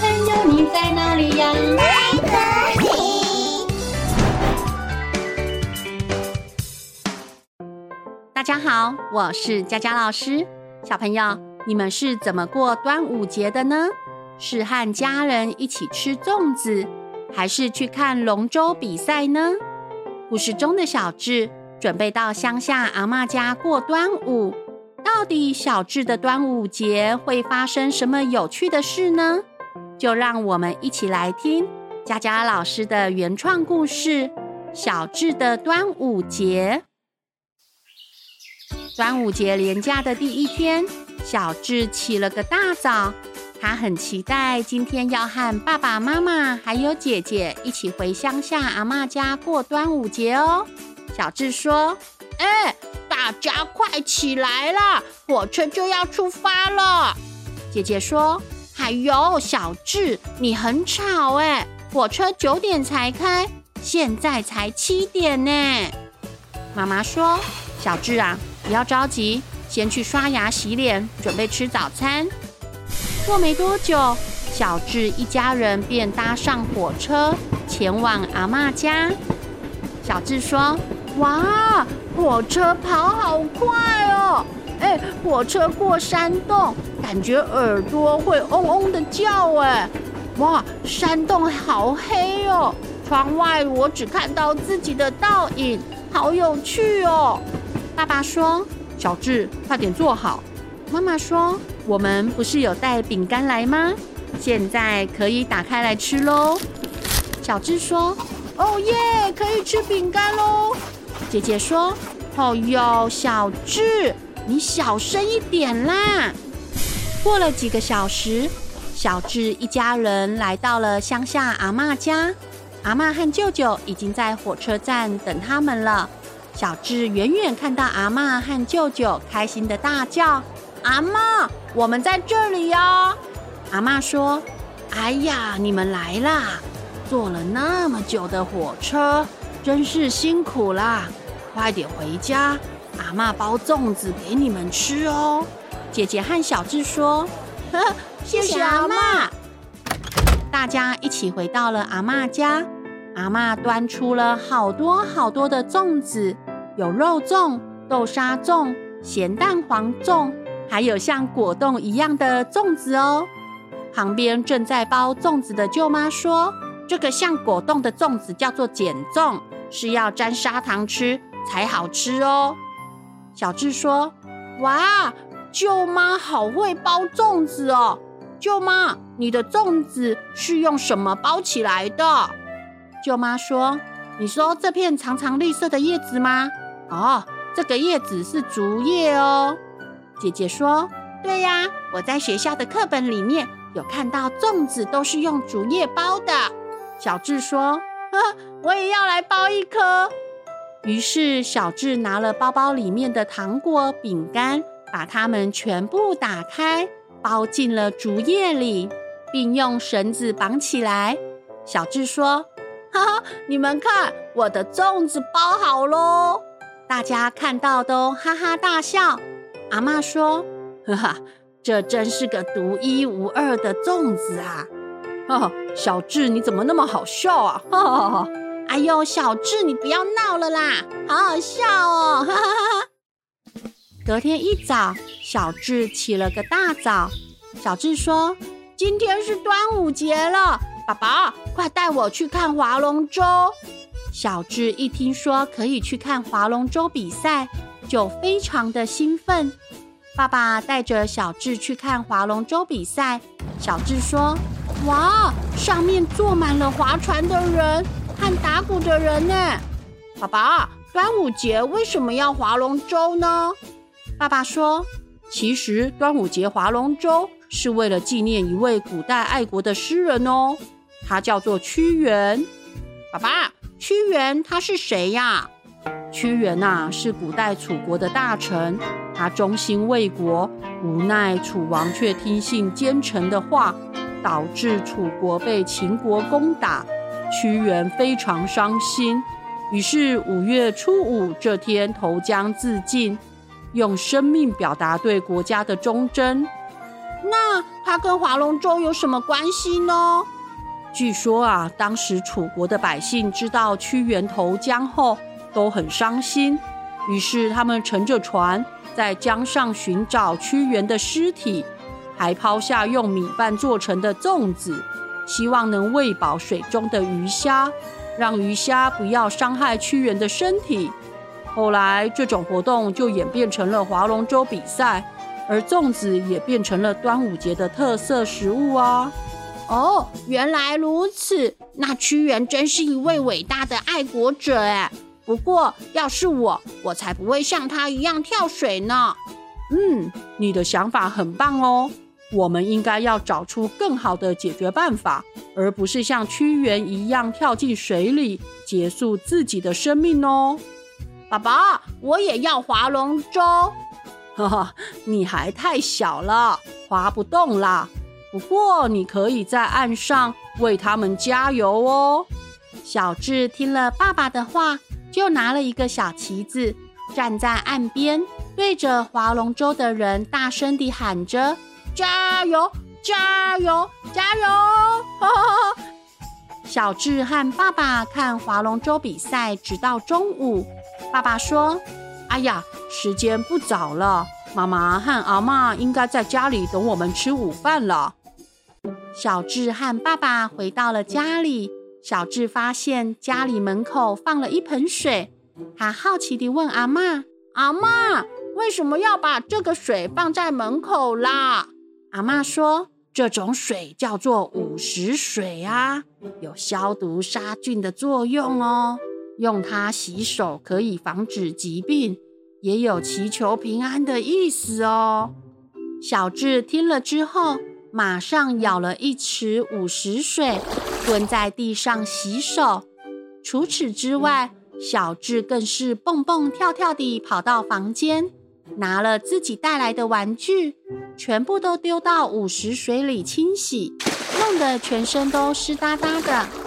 朋友，你在哪裡呀、啊？在這裡。大家好，我是佳佳老師。小朋友，你們是怎麼過端午節的呢？是和家人一起吃粽子，還是去看龍舟比賽呢？故事中的小智準備到鄉下阿嬤家過端午，到底小智的端午節會發生什麼有趣的事呢？就讓我們一起來聽佳佳老師的原創故事《小智的端午節》。端午節連假的第一天，小智起了個大早，他很期待今天要和爸爸媽媽還有姐姐一起回鄉下阿嬤家過端午節哦。小智說：“哎，大家快起來了，火車就要出發了。”姐姐說，哎呦，小智，你很吵哎！火車九點才開，現在才七點呢。媽媽說：“小智啊，不要着急，先去刷牙洗臉，準備吃早餐。”過沒多久，小智一家人便搭上火車，前往阿嬤家。小智說：“哇，火車跑好快哦！哎，火車過山洞。”感覺耳朵會嗡嗡的叫，哎，哇，山洞好黑哦！窗外我只看到自己的倒影，好有趣哦！爸爸說：“小智，快點坐好。”媽媽說：“我們不是有帶餅乾來嗎？現在可以打開來吃嘍。”小智說：“哦耶，可以吃餅乾嘍！”姐姐說：“哦喲，小智，你小聲一點啦。”過了幾個小時，小智一家人來到了鄉下阿嬤家。阿嬤和舅舅已經在火車站等他們了。小智遠遠看到阿嬤和舅舅，開心地大叫：“阿嬤，我們在這裡喲、哦！”阿嬤說：“哎呀，你們來啦！坐了那麼久的火車，真是辛苦啦！快點回家，阿嬤包粽子給你們吃哦。”姐姐和小智說：“ 謝謝阿嬤。”大家一起回到了阿嬤家。阿嬤端出了好多好多的粽子，有肉粽、豆沙粽、鹹蛋黃粽，還有像果凍一樣的粽子哦。旁邊正在包粽子的舅媽說：“這個像果凍的粽子叫做鹼粽，是要沾砂糖吃才好吃哦。”小智說：“哇！”舅媽好會包粽子哦！舅媽，你的粽子是用什麼包起來的？舅媽說：“你說這片長長綠色的葉子嗎？哦，這個葉子是竹葉哦。”姐姐說：“對呀、啊，我在學校的課本裡面有看到，粽子都是用竹葉包的。”小智說：“呵，我也要來包一顆。”於是小智拿了包包裡面的糖果餅乾。把它們全部打開，包進了竹葉裡，並用繩子綁起來。小智說：“哈哈，你們看，我的粽子包好嘍！”大家看到都哈哈大笑。阿嬤說：“哈哈，這真是個獨一無二的粽子啊！”哈哈，小智你怎麼那麼好笑啊？哈哈，哎呦，小智你不要鬧了啦，好好笑哦！哈哈哈哈。隔天一早，小智起了個大早。小智說：“今天是端午節了，爸爸，快帶我去看划龍舟！”小智一聽說可以去看划龍舟比賽，就非常的興奮。爸爸帶着小智去看划龍舟比賽，小智說：“哇，上面坐滿了划船的人和打鼓的人呢！爸爸，端午節為什麼要划龍舟呢？”爸爸說：“其實端午節划龍舟是為了紀念一位古代愛國的詩人哦，他叫做屈原。”爸爸，屈原他是誰呀？屈原吶啊，是古代楚國的大臣，他忠心為國，無奈楚王卻聽信奸臣的話，導致楚國被秦國攻打，屈原非常傷心，於是五月初五這天投江自盡。用生命表達對國家的忠貞。那它跟划龍舟有什麼關係呢？據說啊，當時楚國的百姓知道屈原投江後都很傷心，於是他們乘着船在江上尋找屈原的屍體，還拋下用米飯做成的粽子，希望能餵飽水中的魚蝦，讓魚蝦不要傷害屈原的身體。後來，這種活動就演變成了划龍舟比賽，而粽子也變成了端午節的特色食物哦、啊、哦，原來如此，那屈原真是一位偉大的愛國者誒。不過，要是我，我才不會像他一樣跳水呢。嗯，你的想法很棒哦。我們應該要找出更好的解決辦法，而不是像屈原一樣跳進水裡結束自己的生命哦。爸爸，我也要划龍舟。哈哈，你還太小了，划不動啦。不過，你可以在岸上為他們加油哦。小智聽了爸爸的話，就拿了一個小旗子，站在岸邊，對着划龍舟的人大聲地喊着：“加油！加油！加油！”哈哈。小智和爸爸看划龍舟比賽，直到中午。爸爸說：“哎呀，時間不早了，媽媽和阿嬤應該在家裡等我們吃午飯了。”小智和爸爸回到了家裡，小智發現家裡門口放了一盆水，他好奇地問阿嬤：“阿嬤，為什麼要把這個水放在門口啦？”阿嬤說：“這種水叫做午時水啊，有消毒殺菌的作用哦。”用它洗手可以防止疾病，也有祈求平安的意思哦。小智聽了之後，馬上舀了一池午時水，蹲在地上洗手。除此之外，小智更是蹦蹦跳跳地跑到房間，拿了自己帶來的玩具，全部都丟到午時水裡清洗，弄得全身都濕噠噠的。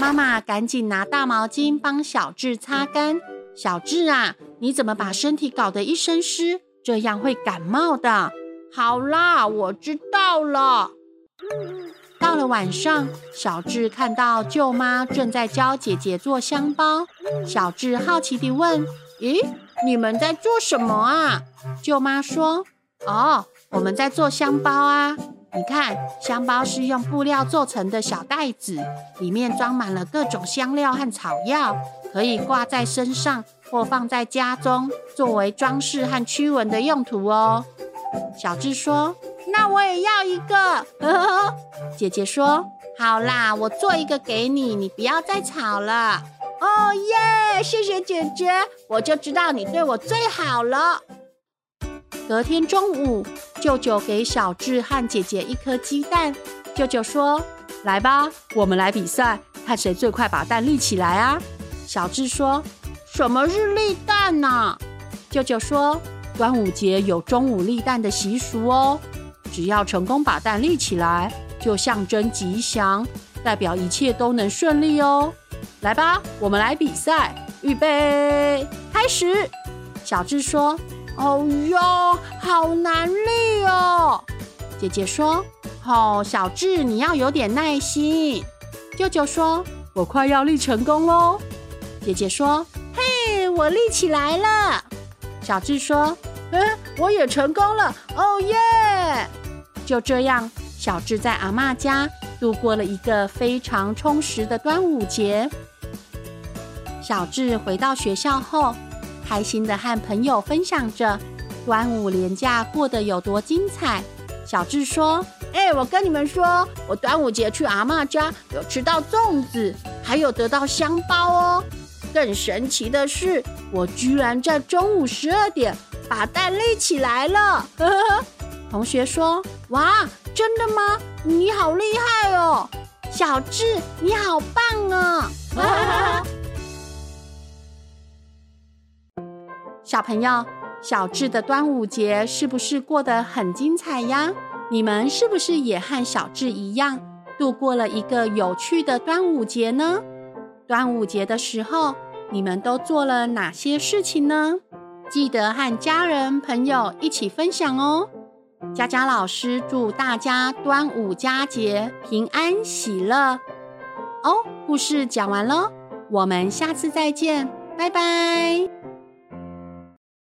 媽媽趕緊拿大毛巾幫小智擦乾。小智啊，你怎麼把身體搞得一身濕？這樣會感冒的。好啦，我知道了。到了晚上，小智看到舅媽正在教姐姐做香包。小智好奇地問：“咦，你們在做什麼啊？”舅媽說：“哦，我們在做香包啊。”你看，香包是用布料做成的小袋子，裡面裝滿了各種香料和草藥，可以掛在身上或放在家中，作為裝飾和驅蚊的用途哦。小智說：“那我也要一個。”呵呵呵，姐姐說：“好啦，我做一個給你，你不要再吵了。”哦耶！謝謝姐姐，我就知道你對我最好了。隔天中午，舅舅給小智和姐姐一顆雞蛋。舅舅說：“來吧，我們來比賽，看誰最快把蛋立起來啊！”小智說：“什麼是立蛋呢、啊？”舅舅說：“端午節有中午立蛋的習俗哦，只要成功把蛋立起來，就象徵吉祥，代表一切都能順利哦。來吧，我們來比賽，預備，開始。”小智說。哦喲，oh、yo, 好難立哦！姐姐說：“哦，oh, 小智，你要有點耐心。”舅舅說：“我快要立成功嘍。”姐姐說：“嘿，hey, 我立起來了。”小智說：“嗯、欸，我也成功了，哦耶！”就這樣，小智在阿嬤家度過了一個非常充實的端午節。小智回到學校後。開心的和朋友分享着端午連假過得有多精彩。小智說：“哎、欸，我跟你們說，我端午節去阿嬤家，有吃到粽子，還有得到香包哦。更神奇的是，我居然在中午十二點把蛋立起來了。” 同學說：“哇，真的嗎？你好厲害哦，小智，你好棒啊、哦！” 小朋友，小智的端午節是不是過得很精彩呀？你們是不是也和小智一樣度過了一個有趣的端午節呢？端午節的時候，你們都做了哪些事情呢？記得和家人朋友一起分享哦。佳佳老師祝大家端午佳節平安喜樂哦！故事講完了，我們下次再見，拜拜。